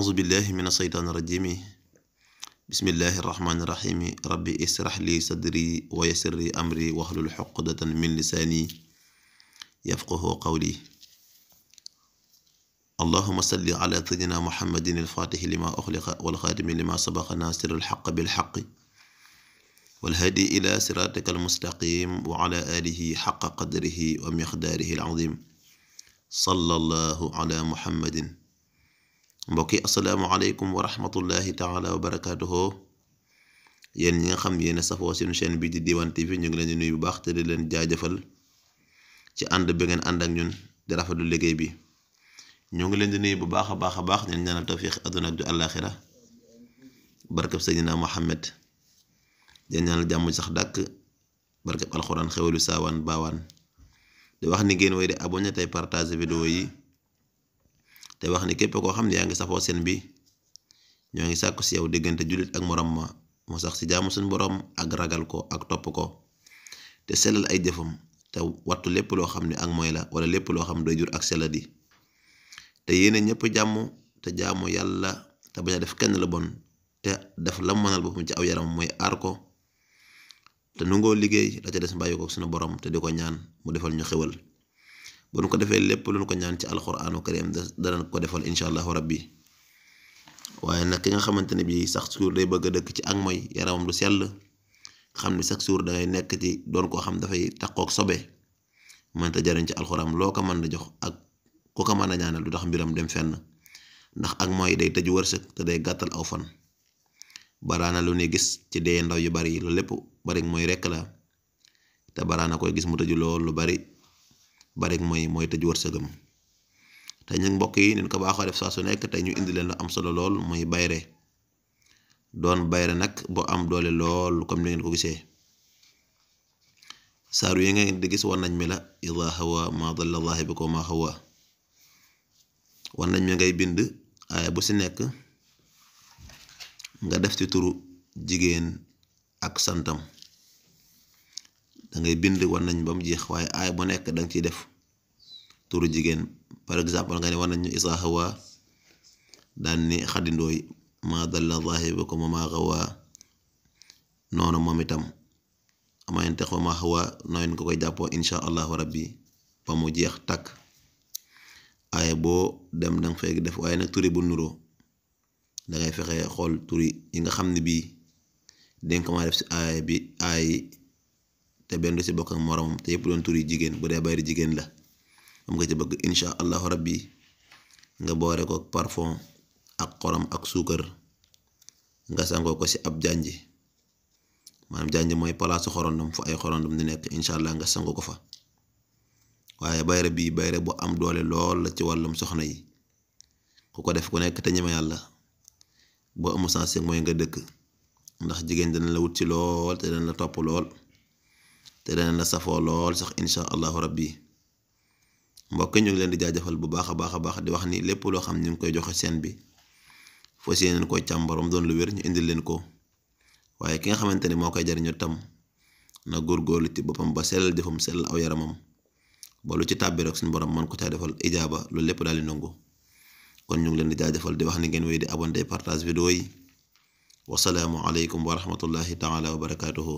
auzu billahi min aseytaani rajimi bismillahi rahmaani rahimi rabbi israh li sadri wa yassir li amri wahlul uqdatan min lisaani yafqahu qawli allahuma salli ala sayyidina muhammadin alfaatihi lima uxliqa walxaatimi lima sabaqa naasiri alxaq bilxaq walhaadi ila siraatika almustaqim wa ala aalihi xaqa qadrihi wa miqdaarihi alazim sallallahu ala muhammadin mbokk yi asalaamaaleykum wa rahmatullahi taala wa barakaatuhu yéen ñi nga xam yéen a safoo seen chaîne bi di Diwane TV ñu ngi leen di nuyu bu baax te di leen jaajëfal ànd bi ngeen ànd ak ñun di liggéey bi ñoo ngi leen di nuy bu baax a baax a baax ñeen ñaanal tawfiix àdduna ak ju àllaaxira barkab Seydina Muhammad ñeen ñaanal jàmm sax dàkk barkab alxuraan xewelu saawaan baawaan di wax ni ngeen way di abonné tey partage vidéo yi te wax ne képp koo xam ne yaa ngi safoo seen bi ñoo ngi sàkku si yow diggante jullit ak moroom ma mu sax si jaamu suñu boroom ak ragal ko ak topp ko te sellal ay jëfam te wattu lépp loo xam ne ak mooy la wala lépp loo xam ne doy jur ak selladi te yéene ñëpp jàmm te jaamu yàlla te bañ a def kenn la bon te def la mënal boppam ci aw yaram mooy aar ko te nungoo liggéey la ca des bàyyi ko suñu borom te di ko ñaan mu defal ñu xewal bu nu ko defee lépp lu nu ko ñaan ci alxuraanu karim dana ko defal incha allahu rabbi waaye nag ki nga xamante ne bii sax suur day bëgg dëkk ci ak mooy yaramam du sell xam ne sax suur dangay nekk ci doon koo xam dafay takkook sobe mënta jariñ ci alxuraan loo ko mën a jox ak ku ko mën a ñaanal du tax mbiram dem fenn ndax ak mooy day tëj wërsëg te day gàttal aw fan baraana lu ne gis ci dee ndaw yu bari lu lépp bari mooy rekk la te baraana koy gis mu tëju lool lu bari ba rek mooy mooy tëj wërsëgam te ñu mbokk yi nin ko baaxoo def saa su nekk tey ñu indi leen lu am solo lool muy bayre doon bayre nag boo am doole lool comme ni ngeen ko yi ngeen di gis wan nañ mi la ida hawa ma dalla zaahibuka ma hawa wan nañ mi ngay bind aaya bu si nekk nga def ci turu jigéen ak santam da ngay bind war nañ ba mu jeex waaye aay bu nekk danga nga def turu jigéen par exemple nga ne war nañ ñu isaa hawa daan ni xaddindooy maa dalla zaahibukum maa xawaa noonu moom itam ama yantiq wa maa huwa nooyun koy jàppoo insha allahu rabbi ba mu jeex takk aaya boo dem danga fay def waaye nag turi bu nuroo dangay fexe xool turi yi nga xam ne bii dinga ko ma def si aaya bi aay te benn du si bokk ak moromam te yëpp doon turi jigéen bu dee bayri jigéen la am nga ci bëgg incha allahu rabbi nga boore ko parfum ak xorom ak suukar nga sangoo ko si ab jànj maanaam jànj mooy palaasu xorondom fu ay xorondom di nekk incha allah nga sangu ko fa waaye bayre bii bayre bu am doole lool la ci wàllum soxna yi ku ko def ku nekk te ñeme yàlla boo amul sens mooy nga dëkk ndax jigéen dana la wut ci lool te dana la topp lool. te danañ la safoo lool sax incha allahu rabbi mbokk ñu leen di jaajëfal bu baax a baax a baax di wax ni lépp loo xam ñu ngi koy joxe seen bi fas yéeneen koy càmbaram doon lu wér ñu indil leen ko waaye ki nga xamante ni moo koy jariñu tam na lu ci boppam ba sellal jëfam sellal aw yaramam ba lu ci tàbbi rek suñ borom man ko caa defal ijaaba loolu lépp daal di nangu kon ñu ngi leen di jaajëfal di wax ni ngeen wéy di abonné partage vidéo yi wasalaamu aleykum wa rahmatullahi taala wa barakaatuhu